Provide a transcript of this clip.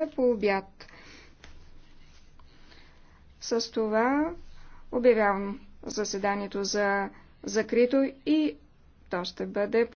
Е по обяд. С това обявявам заседанието за закрито и то ще бъде